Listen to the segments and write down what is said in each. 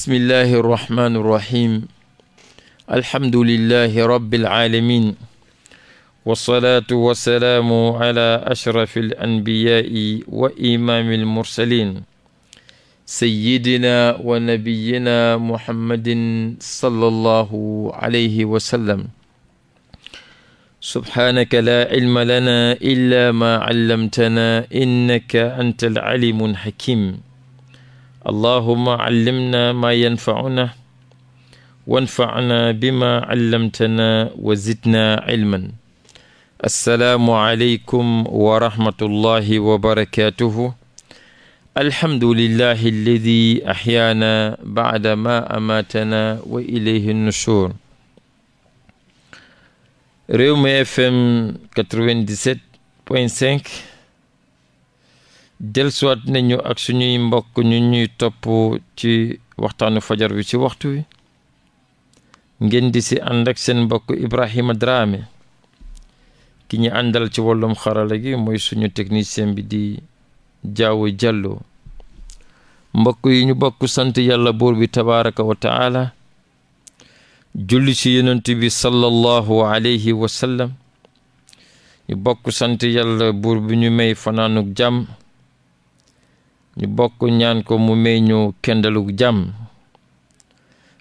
bismillahi irrahmani irrahim alhamdulillahi rabbil alamin wasalaatu wasalaamu ala ashrafi al anbiyaai wa imaami almursalin sayidina wa nabiyina muhammadin sallallahu alayhi wa sallam subhaanaka laa cilma lana illa ma callamtana innaka anta alcalimu alxakim allahuma callimna maa yanfacuna wanfacna bima callamtana wa zidna cilman assalaamu aleykum wa rahmatullahi wa barakatuhu alhamdulillahi alladi axyaana bacda ma amaatana wa ilayhi nushur Rewmi FM 97 point 5 delsuwaat nañu ak suñuy mbokk ñu ñuy topp ci waxtaanu fajar bi ci waxtu wi ngeen di si ànd ak seen mbokk Ibrahima Dramé ki ñu àndal ci wàllum xarala gi mooy suñu technicien bi di jaawu jàlloo mbokk yi ñu bokk sant yàlla buur bi tabaraka wa julli ci yonent bi sallallahu alayhi wa sallam ñu bokk sant yàlla buur bi ñu may fanaanuk jàmm ñu bokk ñaan ko mu may ñu kendalug jàmm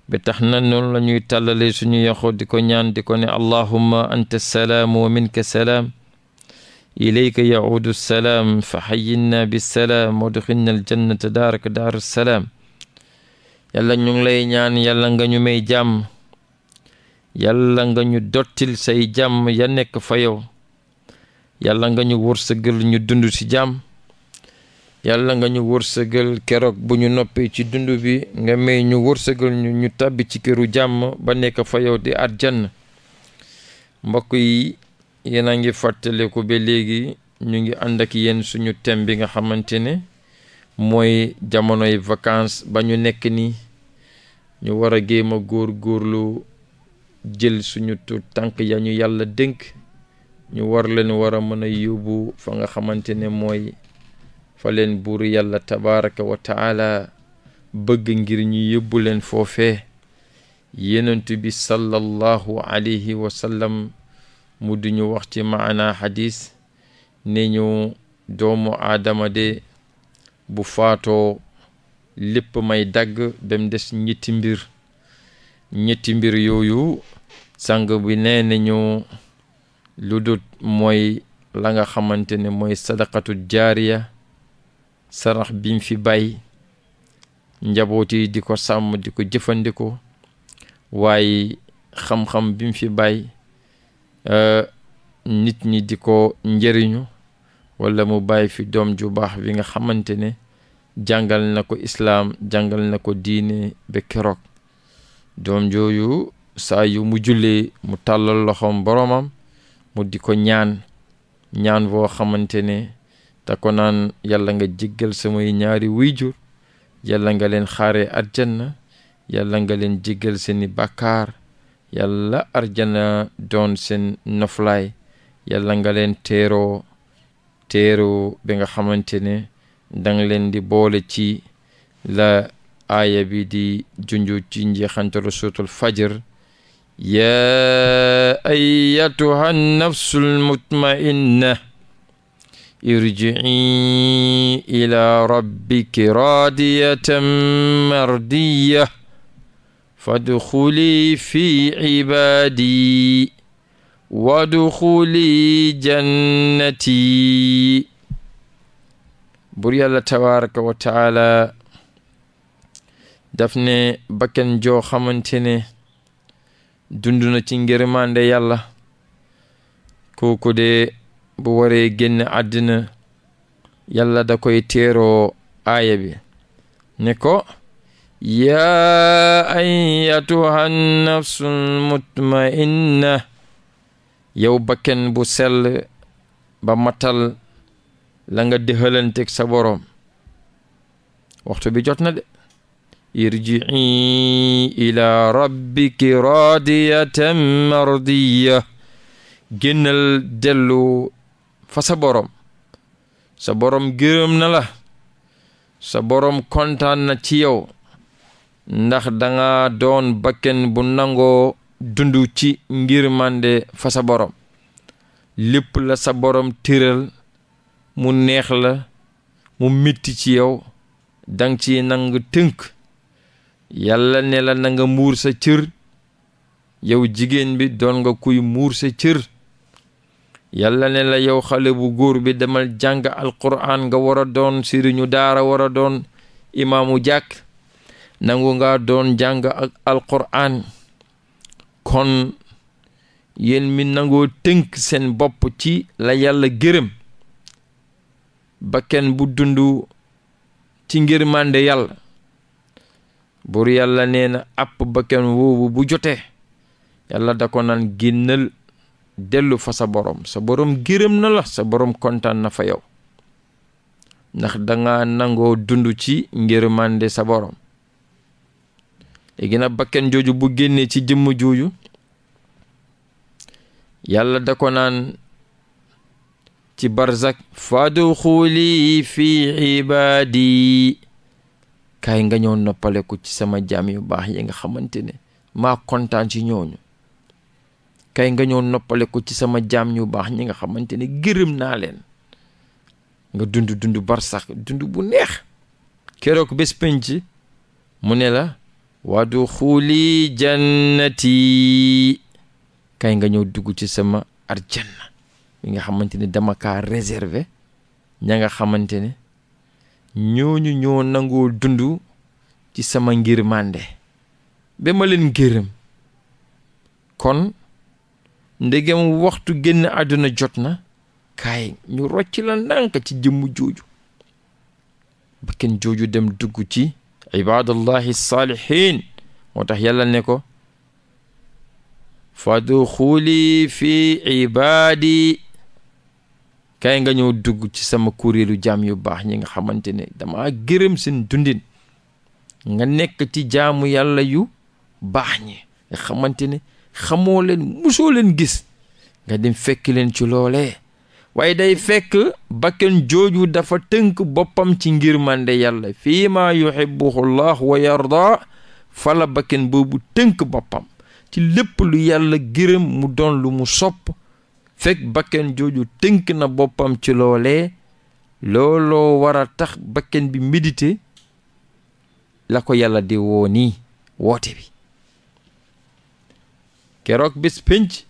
ba na noonu la ñuy tàllale suñu yoxo di ko ñaan di ko ne allahumma anta salaam wa minka salaam ilayka yaudu salaam fa xayinna bisalaam wadxilna aljannata daaraka daaru salaam yàlla ñu ngi lay ñaan yàlla nga ñu may jàmm yàlla nga ñu dottil say jàmm ya nekk fa yow yàlla nga ñu wërsëgal ñu dund ci jàmm yàlla nga ñu wërsëgal keroog bu ñu noppee ci dund bi nga may ñu wërsëgal ñu ñu tàbbi ci këru jàmm ba nekk fa yow di àjjana mbokk yi yéen a ngi fàttaliku ba léegi ñu ngi ànd ak yéen suñu thème bi nga xamante ne mooy jamonoy vacances ba ñu nekk nii ñu war a géem a góor góorlu jël suñu tur tànk ya ñu yàlla dénk ñu war leen war a mën a yóbbu fa nga xamante ne mooy fa leen buur yàlla tabaraka wa bëgg ngir ñu yóbbu leen foofee yenentu bi sallallahu alayhi wa mu duñu wax ci maana xadis ne ñu doomu aadama de bu faatoo lépp may dagg dem des ñetti mbir ñetti mbir yooyu sang bi nee nañu lu dut mooy la nga xamante ne mooy sadaqatu jaariya sarax bimu fi bàyyi njaboot yi di ko sàmm di ko jëfandikoo waaye xam-xam bimu fi bàyyi euh, nit ñi di ko njëriñu walla mu bàyyi fi doom ju baax bi nga xamante ne jàngal na ko islaam jàngal na ko diine ba keroog doom jooyu saa yu mu jullee mu tàllal loxoom boroomam mu di ko ñaan ñaan boo xamante ne te ko naan yàlla nga jéggal samay ñaari wuyjur yàlla nga leen xaaree arjanna yàlla nga leen jéggal seeni bàkkaar yàlla arjana doon seen noflaay yàlla nga leen teeroo teeroo bi nga xamante ne danga leen di boole ci la aaya bi di junju ci njeexantalu fajir fajr yaa ayatuha nafsul mutmainna irjii ila rabbiki raadiyatan mardiya fadxuli fi cibaadi wadxuli jannati bur yàlla tabaraka wa taala daf ne bakkan joo xamante ne dund na ci ngërmande yàlla bu waree génn àddina yàlla da koy teeroo aaya bi ne ko yaa ayyatuha nafsul mutmainna yow bu sell ba matal langa nga dëxalanteg sa boroom waxtu bi jot na de irjii ila rabbiki raadiyatan mardiya génnal dellu fa sa borom sa borom na la sa borom kontaan na ci yow ndax danga doon bakken bu nangoo dundu ci ngir mande fa lépp la sa borom tëral mu neex la mu mitti ci yow dang ci nanga tënk yàlla ne la na nga sa cër yow jigéen bi doon nga kuy muur sa cër yàlla ne la yow xale bu góor bi demal jàng alquran nga war a doon sëriñu daara war a doon imaamu jàkk nangu nga doon jàng ak alquran kon yéen mi nangoo tënk seen bopp ci la yàlla gërëm bakken bu dund ci ngir mànde bur buur yàlla nee na àpp bakken woowu bu jotee yàlla da ko naan génnal dellu fa sa borom sa boroom gërëm na la sa boroom kontaan na fa yow ndax danga nangoo dund ci ngërmande sa boroom léegi nag bakken jooju bu génnee ci jëmm jooju yàlla da ko naan ci barzak fadxuli fi ibaadi kaay nga ñëw noppaleku ci sama jaam yu baax yi nga xamante ne maa kontaan ci ñooñu kay nga ñëw noppale ko ci sama jaam ñu baax ñi nga xamante ne gërëm naa leen nga dund dund barsax dund bu neex keroog bés penc mu ne la wadu xuuli jannati kay nga ñëw dugg ci sama arjanna mi nga xamante ne dama kaa réserver ña nga xamante ne ñooñu ñoo nangoo dund ci sama ngir mànde ba ma leen gërëm kon ndegem waxtu génn àdduna jot na kaay ñu rocc la ndànk ci jëmm jooju ba kenn jooju dem dugg ci ibadallahi saalihin moo tax yàlla ne ko faduxuli fi ibaadi kay nga ñëw dugg ci sama kuréelu jaam yu baax ñi nga xamante ne dama gërëm seen dundin nga nekk ci jaamu yàlla yu baax ñi nga xamante ne xamoo leen musoo leen gis nga dem fekk leen ci loole waaye day fekk bakken jooju dafa tënk boppam ci ngir mande yàlla fii ma yuhibbuhu llah wa yarda fala bakken boobu tënk boppam ci lépp lu yàlla gërëm mu doon lu mu sopp fekk bakken jooju tënk na boppam ci loole looloo war a tax bakken bi méditer la ko yàlla di woo nii woote bi keroog bis pénc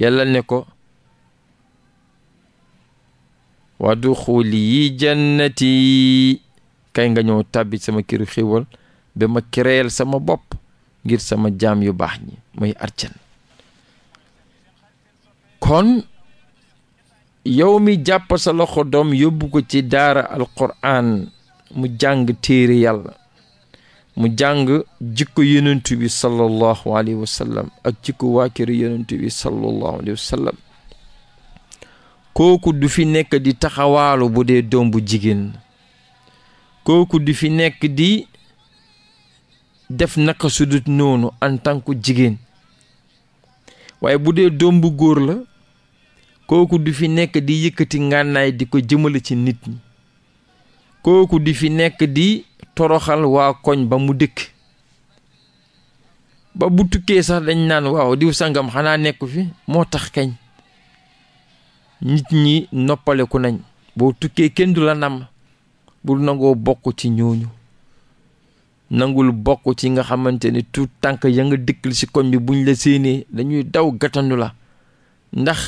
yàlla ne ko waduxuli yi jannati kay nga ñëw tàbbi sama këru xéwal ba ma créel sama bopp ngir sama jaam yu baax ñi muy arcan kon yow mi jàpp sa loxo doom yóbbu ko ci daara alquran mu jàng téere yàlla mu jàng jikko yonent bi sallallahu wa sallam ak jikko waa kër yonent bi sallam kooku du fi nekk di taxawaalu bu dee doom bu jigéen kooku di fi nekk di def naka sudut noonu en tant jigéen waaye bu dee doom bu góor la kooku du fi nekk di yëkkati ngànnaay di ko jëmale ci nit ñi kooku du fi nekk di toroxal waa koñ ba mu dëkk ba bu tukkee sax dañ naan waaw diw sangam xanaa nekku fi moo tax keñ nit ñi noppaleku nañ boo tukkee kenn du la namm bul nangoo bokk ci ñooñu nangul bokk ci nga xamante ne tout tànk ya nga dëkkal ci koñ bi buñ la séenee dañuy daw gatandu la ndax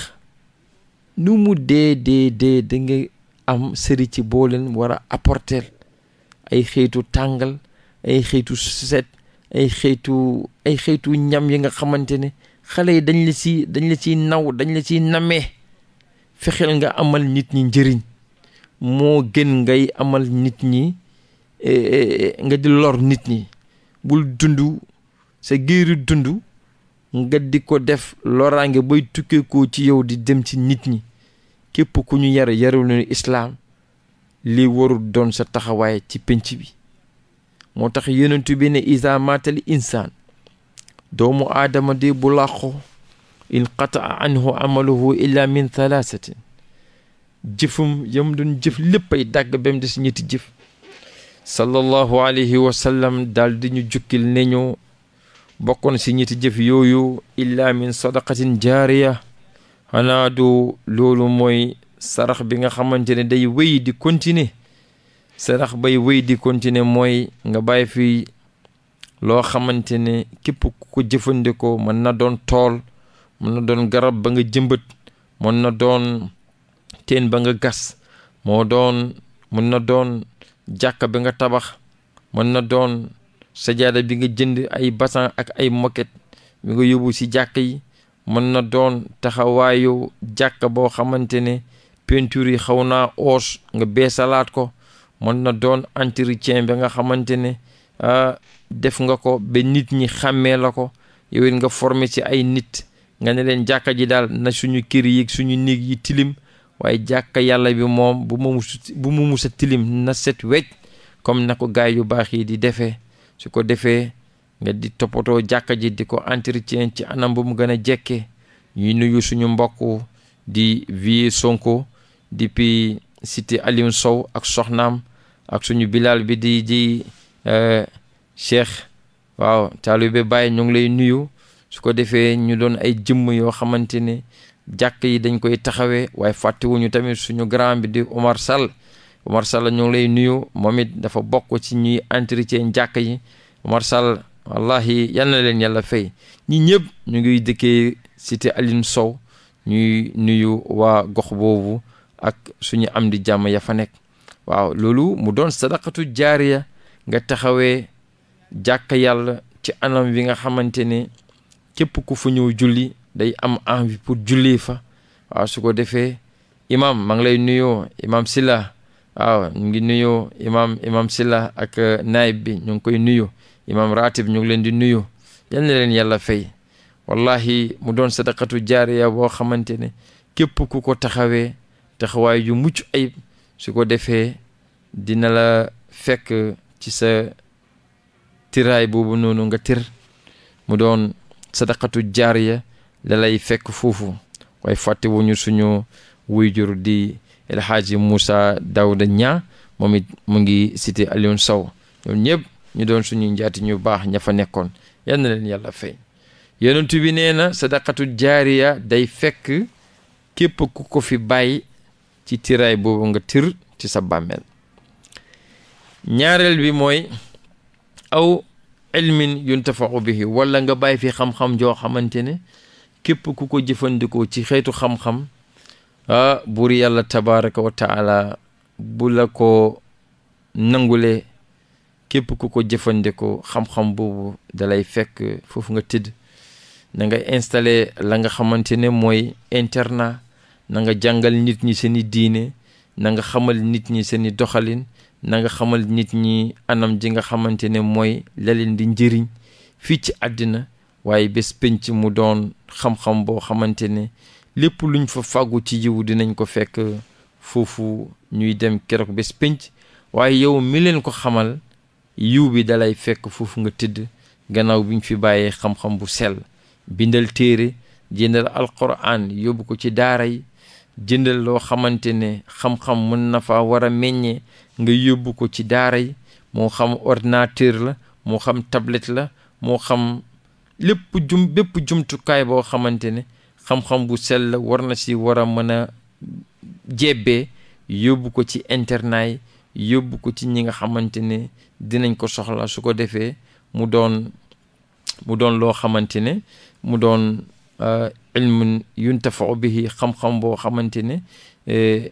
nu mu dee dee dee da am sëri ci boo leen war a apporter ay xeetu tàngal ay xeetu set ay xeetu ay xeetu ñam yi nga xamante ne xale yi dañ la si dañ la siy naw dañ la siy namee fexeel nga amal nit ñi njëriñ moo gën ngay amal nit ñi eh, eh, nga di lor nit ñi bul dund sa géeru dund nga di ko def loraange bay tukkee ci yow di dem ci nit ñi képp ku ñu yare yarul ne islaam li warul doon sa taxawaay ci pénc bi moo tax yonent bi ne isa insaan doomu aadama di bu làqo in qataa anhu amaluhu illa min thalathatin jëfum yam doon jëf lépp ay dàgg ba mu des ñetti jëf sallallahu alayhi wa sallam di ñu jukkil ne ñu bokkoon si ñetti jëf yooyu illa min sadaqatin jaariya xanaa du loolu mooy sarax bi nga xamante ne day wéy di continuer sarax bay wéy di continuer mooy nga bàyyi fii loo xamante ne képp ku ko jëfandikoo mën na doon tool mën na doon garab ba nga jëmbët mën na doon teen ba nga gas moo doon mën na doon jàkka bi nga tabax mën na doon sajaada bi nga jënd ay basan ak ay moket bi nga yóbbu ci jàkk yi mën na doon taxawaayu jàkk boo xamante ne peinture yi xaw naa oos nga salaat ko mën na doon entretien bi nga xamante ne ah, def nga ko ba nit ñi xàmmee la ko yow it nga formé ci ay nit nga ne leen jàkka ji daal na suñu kër yi suñu néeg yi tilim waaye jàkka yàlla bi moom bu mu musa tilim na set wecc comme na ko gaay yu baax yi di defee su ko defee nga di toppatoo jàkka ji di ko entretien ci anam bu mu gën a jekkee ñuy nuyu suñu mbokk di vie Sonko depuis siti Alioune Sow ak soxnaam ak suñu bilaal bi di di euh, cheikh waaw taalibe Baye ñu ngi lay nuyu su ko defee ñu doon ay jëmm yoo xamante ne jàkk yi dañ koy taxawee waaye fàttewuñu tamit suñu grand bi di Omar Sall Omar Sall ñu ngi lay nuyu moom it dafa bokk ci ñuy entretien jàkk yi Omar Sall wallahi yàlla na leen yàlla fay ñi ñëpp ñu ngi dëkkee siti alin Sow ñuy nuyu waa gox boobu ak suñu am di jàmm ya fa nekk waaw loolu mu doon sadaqatu jaariya nga taxawee jàkk yàlla ci anam wi nga xamante ne képp fu ñëw julli day am envie pour julli fa waaw su ko defee imam maa ngi lay nuyoo imam Silla waaw ngi nuyoo imam imam Silla ak euh, naayib bi ñu ngi koy nuyu imam ratib ñu ngi leen di nuyu yal na leen yàlla fay wallahi mu doon sadaqatu jaariya boo xamante ne képp ku ko taxawee taxawaay yu mucc ayib su ko defee dina la fekk ci sa tiraay boobu noonu nga tir mu doon sadaqatu jaariya la lay fekk foofu waaye fàttewuñu suñu wuy jur di El Hadji Moussa Daouda ñaa moom it mu ngi cité Alioune Sow ñëpp ñu doon suñu njaati ñu baax ña fa nekkoon yal na leen yàlla fay yonent bi nee na sadaqatu jaariya day fekk képp ku ko fi bàyyi ci tiraay boobu nga tir ci sa bàmmeel ñaareel bi mooy aw ilmin yuntafau bi walla nga bàyyi fi xam-xam joo xamante ne képp ku ko jëfandikoo ci xeetu xam-xam ah, buur yàlla tabaraka wa bu la ko nangulee képp ku ko jëfandikoo xam-xam boobu dalay fekk foofu nga tëdd na nga installé la nga xamante ne mooy interna na nga jàngal nit ñi seeni diine na nga xamal nit ñi seeni doxalin nanga xamal nit ñi anam ji nga xamante ne mooy la di njëriñ fii ci àddina waaye bés penc mu doon xam-xam boo xamante ne lépp luñ fa fàggu ci yiw dinañ ko fekk foofu ñuy dem keroog bés penc waaye yow mileen ko xamal yiw bi dalay fekk foofu nga tëdd gannaaw bi ñu fi bàyyee xam-xam bu sel bindal téere jëndal alquran yóbbu ko ci daara yi jënd loo xamante ne xam-xam mën na fa war a meññee nga yóbbu ko ci daara yi moo xam ordinateur la moo xam tablet la moo xam lépp jum jumtukaay boo xamante ne xam-xam bu sell war na si war a mën a jebbee yóbbu ko ci internet yi yóbbu ko ci ñi nga xamante ne dinañ ko soxla su ko defee mu doon mu doon loo xamante ne mu doon euh, ilmun yuntafau bihi xam-xam boo xamante ne eh,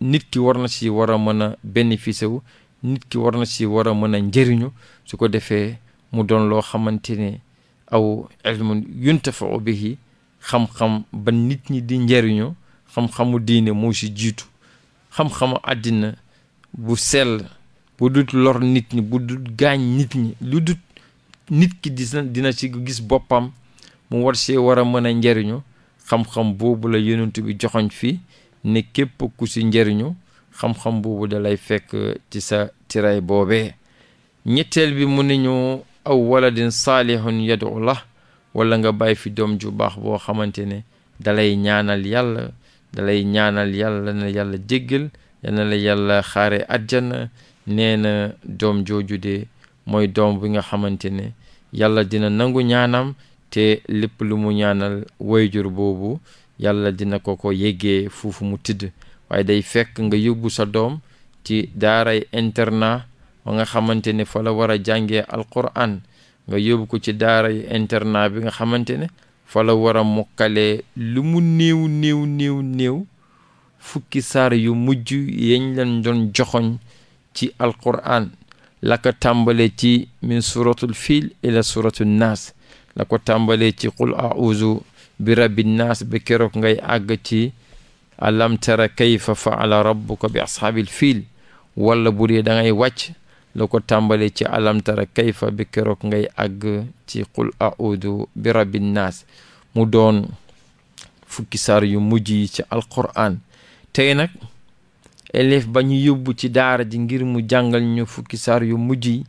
nit ki war na si war a mën a bénéficier wu nit ki war na si war a mën a njëriñu su ko defee mu doon loo xamante ne aw ilmun yuntafau bihi xam-xam ba nit ñi di njëriñu xam-xamu diine moo si jiitu xam-xamu àddina bu sell bu dut lor nit ñi bu dut gaañ nit ñi lu dut nit ki dina dina ci gis boppam mu war si war a mën a njariñu xam-xam boobu la yonent bi joxoñ fi ne képp ku si njariñu xam-xam boobu da fekk ci sa tiraay boobee ñetteel bi mu ne ñu aw waladin saalihun yadu la wala nga bàyyi fi doom ju baax boo xamante ne dalay ñaanal yàlla dalay ñaanal yàlla na yàlla jéggal la yàlla xaare àjjana nee na doom jooju de mooy doom bi nga xamante ne yàlla dina nangu ñaanam te lépp lu mu ñaanal wayjur boobu yàlla dina ko ko yeggee foofu mu tidd waaye day fekk nga yóbbu sa doom ci daaray internat ba nga xamante ne fa la war a jàngee alquran nga yóbbu ko ci daaray internat bi nga xamante ne fa la war a mokkalee lu mu néew néew néew néew fukki saar yu mujj yeñ leen doon joxoñ ci alquran la tàmbale ci min suratul fil ila suratul naas la ko tàmbalee ci qul auzu bi rabbi naas ba keroog ngay àgg ci alam kayfa faala rabbuka bi ashaabil fiil walla bu dee da wàcc la ko tàmbalee ci alam tara kayfa ba keroog ngay àgg ci qul auzu bi rabbi naas mu doon fukki saar yu mujj yi ci alqur'an tey nag élève ba ñu yóbbu ci daara ji ngir mu jàngal ñu fukki saar yu mujj yi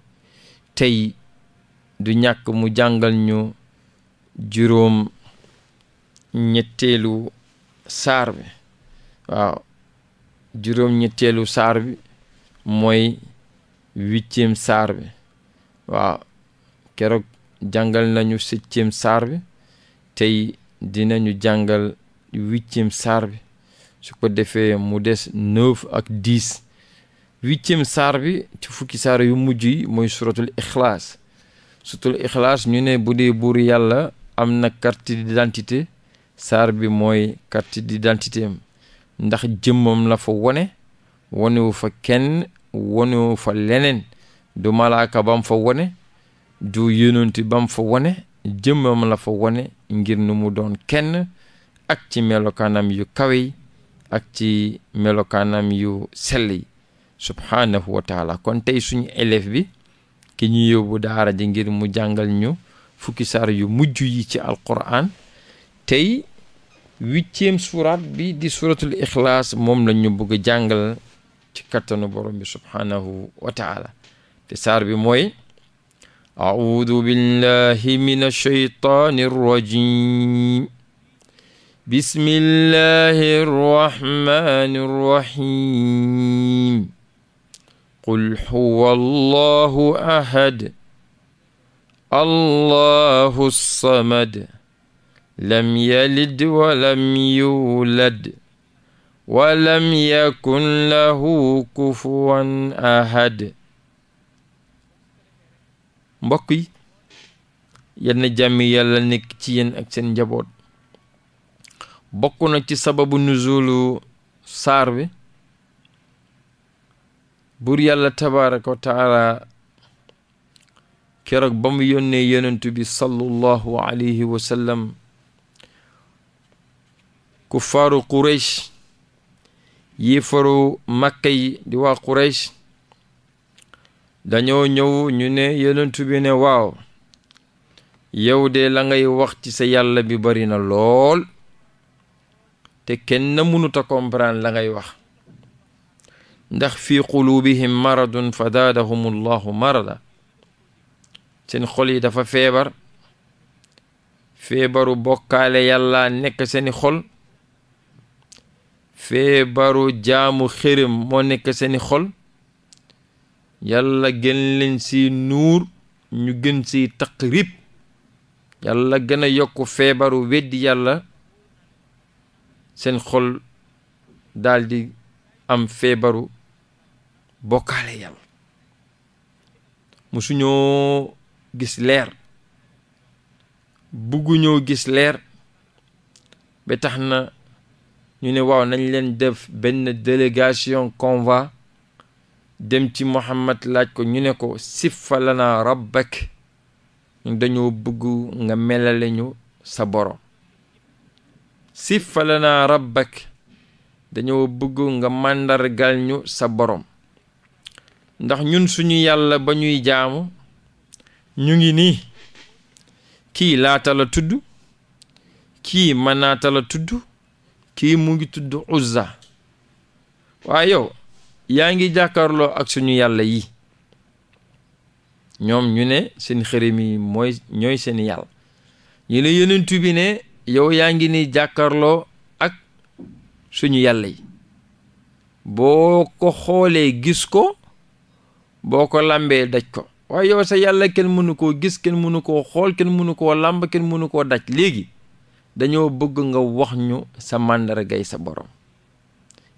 tey du ñàkk mu jàngal ñu juróom ñetteelu saar bi waaw juróom ñetteelu saar bi mooy huitième saar bi waaw keroog jàngal nañu septième saar bi tey dinañu jàngal huitième saar bi su ko defee mu des neuf ak dix huitième saar bi ci fukki saar yu mujj yi mooy suratul ixlaas sutul ixlaas ñu ne bu dee buur yàlla am na carte d'identité saar bi mooy carte d'identité am ndax jëmmam la fa wone wonewu fa kenn wonewu fa leneen du malaaka bam fa wone du yonent bam fa wone jëmmam la fa wone ngir ni mu doon kenn ak ci melokaanam yu kawe ak ci melokaanam yu sell yi subhaanahu wa kon tey suñu élève bi ki ñu yóbbu daara ji ngir mu jàngal ñu fukki saar yu mujj yi ci alquran tey huitième surat bi di suratul ixlaas moom lañ ñu bëgg a jàngal ci kattanu borom bi subhaanahu wa te saar bi mooy audu billahi min alsheytaani arrajim qul huwa allahu ahad allahu samad lam yalid walam yuulad walam yakun lahu kufuwan ahad mbokk yi yenn jàmmi yàlla nekk ci yéen ak seen njaboot bokk na ci sababu nuzulu saar bi buur yàlla tabaraka wa taala keroog bam mu yenentubi yonentu bi sallallahu alayhi wa sallam kuffaaru quraysh yiifaru makka yi di waa quraysh dañoo ñëw ñu ne yonentu ne waaw yow de la ngay wax ci sa yàlla bi bari na lool te kenn mënut a comprendre la ngay wax ndax fii quluubihim maradun fa zaadahum allahu marada seen xol yi dafa feebar feebaru bokkaale yàlla nekk seeni xol feebaru jaamu xërëm moo nekk seeni xol yàlla gën leen si nuur ñu gën si taqrib yàlla gën a yokk feebaru weddi yàlla seen xol daldi am feebaru bokkaale yàlla musuñoo gis leer bugguñoo gis leer ba tax na ñu ne waaw nañ leen def benn délégation convoi dem ci Muhammad laaj ko ñu ne ko siffa lana rabbak dañoo bëgg nga melale ñu sa borom siffa lana rabbak dañoo bëgg nga màndargal ñu sa borom ndax ñun suñu yàlla ba ñuy jaamu ñu ngi nii kii laata la tudd kii manaata la tudd kii mu ngi tudd uzza waaye yaa ngi jàkkarloo ak suñu yàlla yi ñoom ñu ne seen xërëm yi mooy ñooy seen yàlla ñu ne yonent bi ne yow yaa ngi ni jàkkarloo ak suñu yàlla yi boo ko xoolee gis ko boo ko làmbee daj ko waaye yow sa yàlla kenn mënu koo gis kenn mënu koo xool kenn mënu koo làmb kenn mënu koo daj léegi dañoo bëgg nga wax ñu sa màndargay sa borom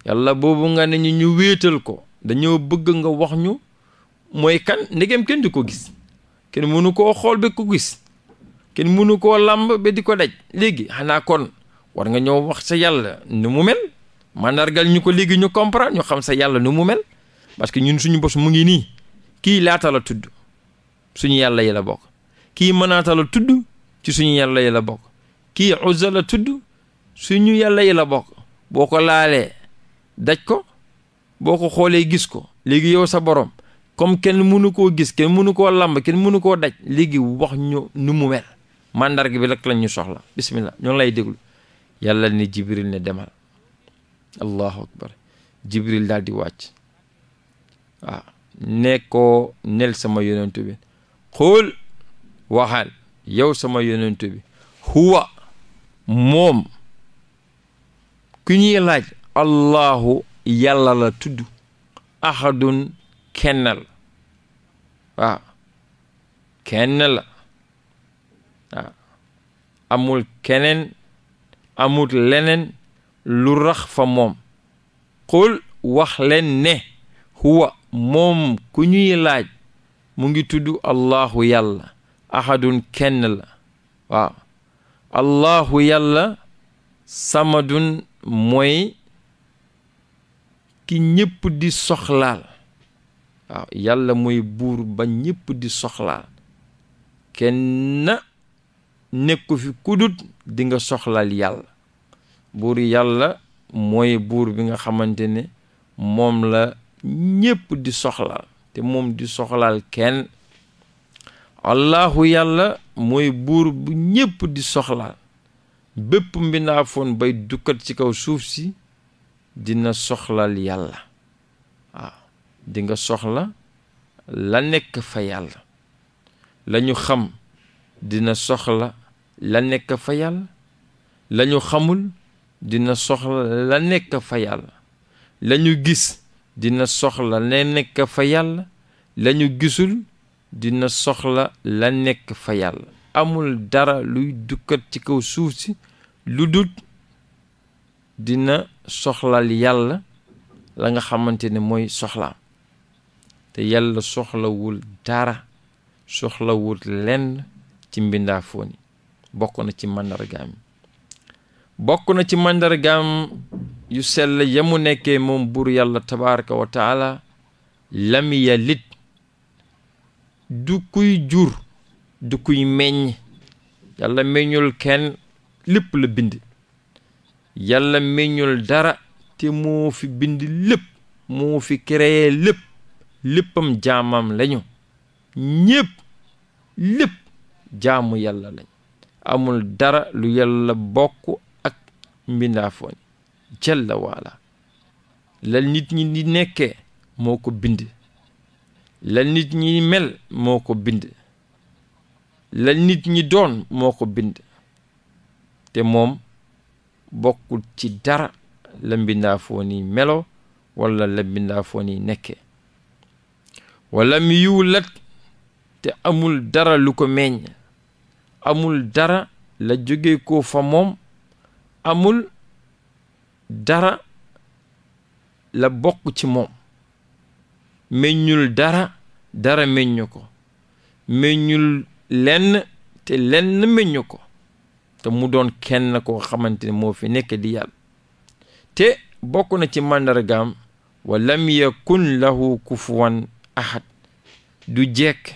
yàlla boobu nga ne ñu ñu wéetal ko dañoo bëgg nga wax ñu mooy kan ndegem kenn di ko gis kenn mënu koo xool ba ko gis kenn mënu koo làmb ba di ko daj léegi xanaa kon war nga ñoo wax sa yàlla nu mu mel màndargal ñu ko léegi ñu comprendre ñu xam sa yàlla nu mu mel parce que ñun suñu bos mu ngi nii kii laatal la tudd suñu yàlla yi la bokk kii mënaata la tudd ci suñu yàlla yi la bokk kii uzza la tudd ñu yàlla yi la bokk boo ko laalee daj ko boo ko xoolee gis ko léegi yow sa borom comme kenn mënu koo gis kenn mënu koo làmb kenn mënu koo daj léegi wax ñu nu mu mel mandarga bi rek lañ ñu soxla bismillah ñoo lay déglu yàlla ni jibril ne demal allahu akbar jibril daal di wàcc waaw ne ko nel sama yonentu bi xul waxal yow sama yonentu bi huwa moom ku ñuy laaj allahu yàlla la tudd ahadun kenn la kenn la amul keneen amul leneen lu rax fa moom qul wax len ne huwa moom ku ñuy laaj mu ngi tudd allahu yàlla ahadun kenn la waaw allahu yàlla dun mooy ki ñépp di soxlaal waaw yàlla mooy buur ba ñépp di soxlaal kenn na nekku fi kudut dinga nga soxlaal yàlla buur yàlla mooy buur bi nga xamante ne moom la ñépp di soxlaal te moom di soxlaal kenn allahu yàlla mooy buur bu ñépp di soxlaal bépp mbindaafoon bay dukkat ci kaw suuf si dina soxlaal yàlla waaw di soxla la nekk soxla la nekk fa yàlla lañu xamul dina soxla la nekk fa yàlla lañu gis dina soxla la nekk fa yàlla lañu gisul dina soxla la nekk fa yàlla amul dara luy dukkat ci kaw suuf si lu dut dina soxlal yàlla la nga xamante ni mooy soxlaam te yàlla soxlawul dara soxlawul lenn ci mbindaafoon yi bokk na ci màndargaam bokk na ci màndargaam yu sell ya mu nekkee moom buur yàlla tabaraka wa taala lam yalid du kuy jur du kuy meññ yàlla meññul kenn lépp la bind yàlla meññul dara te moo fi bind lépp moo fi créé lépp léppam jaamam lañu ñépp lépp jaamu yàlla lañ amul dara lu yàlla bokk ak mbindaafoon jalla waala la nit ñi di nekkee moo ko bind lal nit ñi mel moo ko bind lal nit ñi doon moo ko bind te moom bokkut ci dara la mbindaa foo melo walla la mbindaa foo nii nekkee mi yuwlat te amul dara lu ko meññ amul dara la jóge ko fa moom amul dara la bokk ci moom meññul dara dara meññu ko meññul lenn te lenn meññu ko te mu doon kenn koo xamante ne moo fi nekk di yàlla te bokk na ci màndargaam wa lam yakun lahu kufuwan ahad du jekk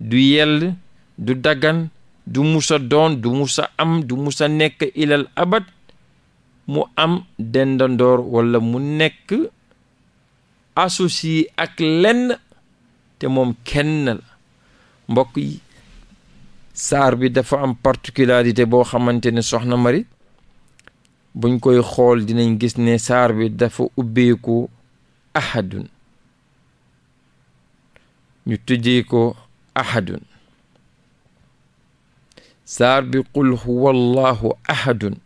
du yell du dagan du musa doon du musa am du musa nekk ilal abad mu am dendandoor walla mu nekk associé ak lenn te moom kenn la mbokk yi saar bi dafa am particularité boo xamante ne soxna Mari buñ koy xool dinañ gis ne saar bi dafa ubbeeku ahadun ñu tëjee ko ahadun saar bi qul huwa allahu ahadun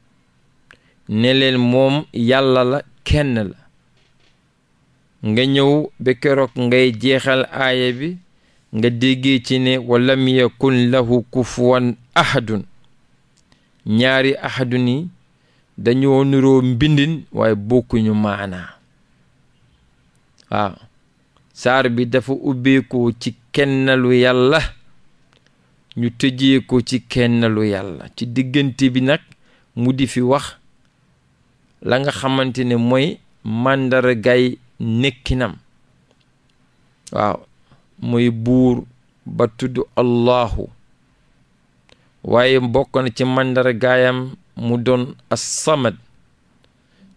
neleen moom yàlla la kenn la nga ñëw ba keroog ngay jeexal aaya bi nga déggee ci ne walam yakun lahu kufuwan ahadun ñaari ahadun yi dañoo nuroo mbindin waaye bokkuñu maanaa waaw saar bi dafa ubbeekoo ci kennalu yàlla ñu tëjee ci kennalu yàlla ci diggante bi nag mu di fi wax la nga xamante ne mooy màndargaay nekkinam waaw muy buur ba tudd allahu waaye bokk na ci màndargaayam mu doon as-samad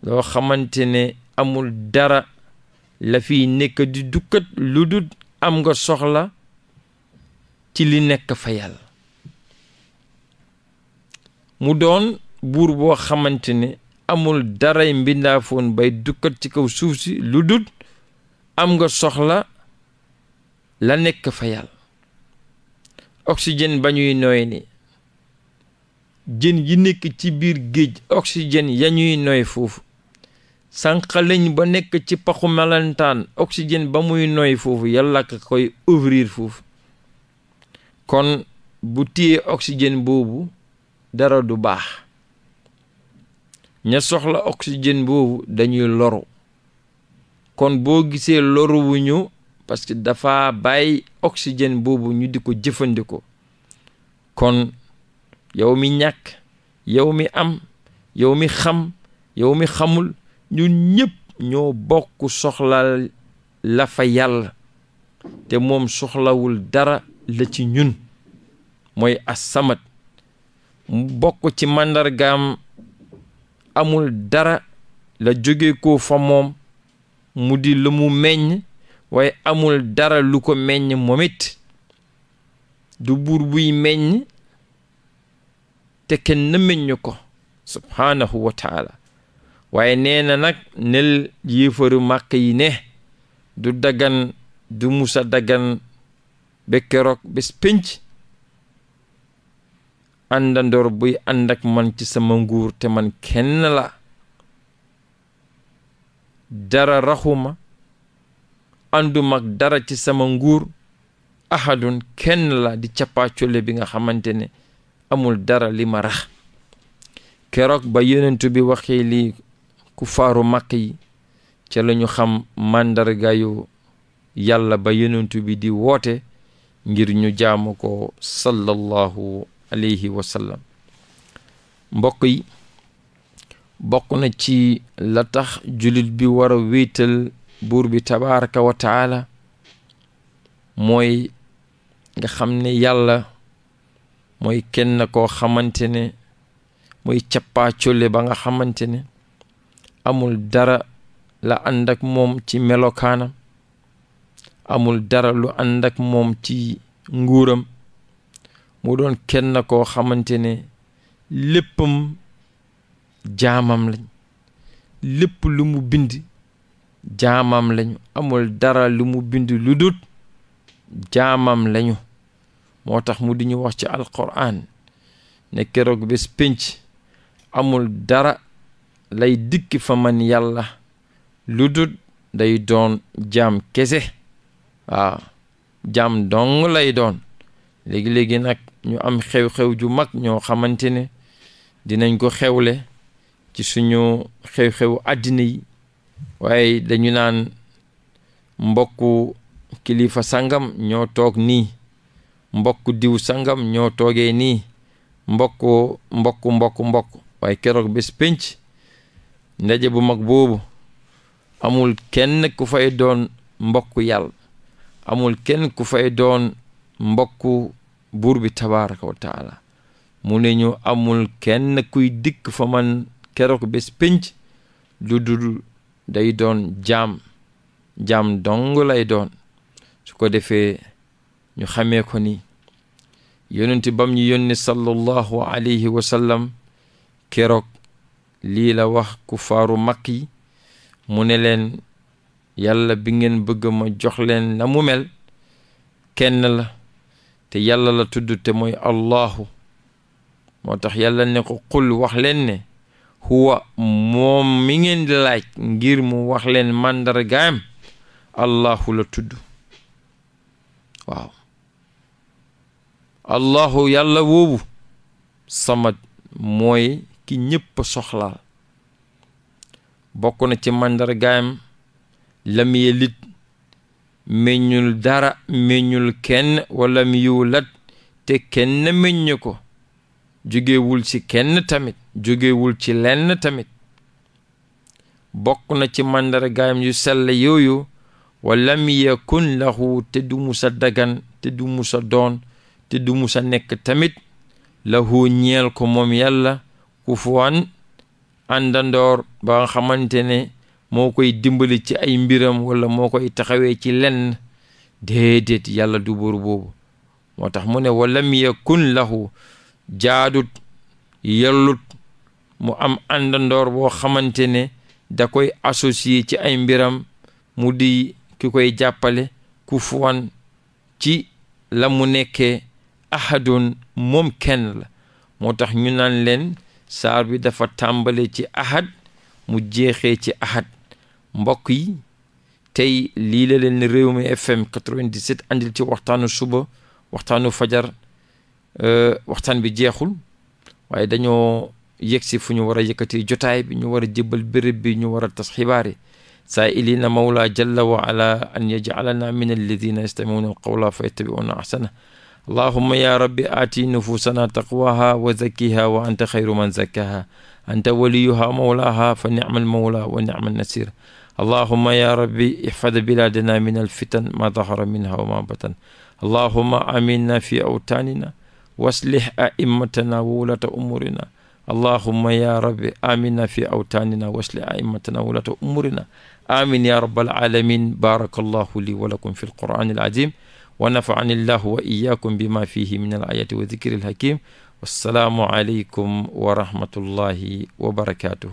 loo xamante ne amul dara la fiy nekk di dukkat lu dul am nga soxla ci li nekk fa yàlla mu doon buur boo xamante ne amul daray mbindaafoon bay dukkat ci kaw suuf si lu dul am nga soxla la nekk fa yàlla oxygène ba ñuy nooy ni jën yi nekk ci biir géej oxygène yañuy ñuy nooy foofu sànqaleñ ba nekk ci paxu melentaan oxygène ba muy nooy foofu yàlla koy ouvrir foofu kon bu téye oxygène boobu dara du baax ña soxla oxygène boobu dañuy loru kon boo gisee loruwuñu parce que dafa bàyyi oxygène boobu ñu di ko jëfandikoo kon yow mi ñàkk yow mi am yow mi yow mi xamul ñun ñëpp ñoo bokk soxla la fa yàlla te moom soxlawul dara la ci ñun mooy asamat bokk ci màndargaam amul dara la jóge ko fa moom mu di lu mu meññ waaye amul dara lu ko meññ moom du buur buy meññ te kenn meññ ko subhaanahu wa taala waaye nee na nag nel yéefaru màkk yi ne du dagan du musa dagan ba keroog bés àndandoor buy ànd ak man ci sama nguur te man kenn la dara raxuma ànduma ak dara ci sama nguur ahadun kenn la di cappaacole bi nga xamante ne amul dara li ma rax keroog ba yonentu bi waxee lii ku faaru yi ca lañu xam màndargayu yàlla ba yonentu bi di woote ngir ñu jaamu ko sallallahu alayhi wa mbokk yi bokk na ci la tax jullit bi war a wéetal buur bi tabaraka wa taala mooy nga xam ne yàlla mooy kenn koo xamante ne mooy cappaacolle ba nga xamante ne amul dara la ànd moom ci melokaanam amul dara lu ànd moom ci nguuram mu doon kenn koo xamante ne léppam jaamam lañ lépp lu mu bind jaamam lañu amul dara lu mu bind lu dut jaamam lañu moo tax mu di ñu wax ci alquran ne keroog bés pénc amul dara lay dikk fa man yàlla lu dut day doon jaam kese waaw jaam dong lay doon léegi-léegi nag ñu am xew-xew ju mag ñoo xamante ne dinañ ko xewle ci suñu xew-xew àddina yi waaye dañu naan mbokku kilifa sangam ñoo toog nii mbokku diw sangam ñoo toogee nii mbokku mbokku mbokku mbokk waaye keroog bés pénc ndaje bu mag boobu amul kenn ku fay doon mbokku yàlla amul kenn ku fay doon mbokku buur bi tabaraka wa mu ne ñu amul kenn kuy dikk fa man keroog bés pénc lu dul day doon jaam jaam dong lay doon su ko defee ñu xamee ko ni yonente bam ñu yónni sallallahu alayhi wa keroog lii la wax ku faaru mag yi mu ne leen yàlla bi ngeen bëgg ma jox leen na mu mel kenn la te yàlla la tudd te mooy allahu moo tax yàlla ne ko qul wax leen ne huwa moom mi ngeen laaj ngir mu wax leen màndargaam allahu la tudd waaw allahu yàlla woobu samat mooy ki ñépp soxlaal bokk na ci màndargaam lam yelit meññul dara meññul kenn wala mu yuulat te kenn meññ ko jógewul ci kenn tamit jógewul ci lenn tamit bokk na ci màndargaayam yu sell yooyu walam yakun lahu te du musa dagan te du musa doon te du musa nekk tamit lahu ñeel ko moom yàlla kufuwan àndandoor ba nga moo koy dimbali ci ay mbiram wala moo koy taxawee ci lenn déedéet yàlla du buur boobu moo tax mu ne walam kun lahu jaadut yellut mu am àndandoor boo xamante ne da koy associé ci ay mbiram mu di ki koy jàppale ku ci la mu nekkee ahadun moom kenn la moo tax ñu naan leen saar bi dafa tàmbale ci ahad mu jeexee ci ahad mbokk yi tey lii la leen Rewmi FM 97 andil ci waxtaanu suba waxtaanu fajar euh, waxtaan bi jeexul waaye dañoo yegg si fu ñu war a yëkkati jotaay bi ñu war a jébbal béréb bi ñu war a tas xibaar yi saa ilina mawla jalla wa ala an yajcalana min alladina yastamicuuna alqawla fa yattabicuuna ya rabbi aati nufuusana taqwaha wa zakkiha wa man zakkaha anta waliyuha mawlaha fa nicma almawla wa nicma annasir allahuma ya rabbi ihfad biladana min alfitan ma dahara minha wa ma batan allahuma aminna fi awtanina waslih aimmatana wa wulata umurina allahuma ya rabbi aminna fi awtanina waslih aimmatana wa wulata umurina amin ya rabbal alamin baraka allahu li wa lakum fi alqur'ani alazim wa nafa'ani allahu wa iyyakum bima fihi min alayati wa dhikri alhakim wassalaamu aleykum wa rahmatullahi wa barakatuhu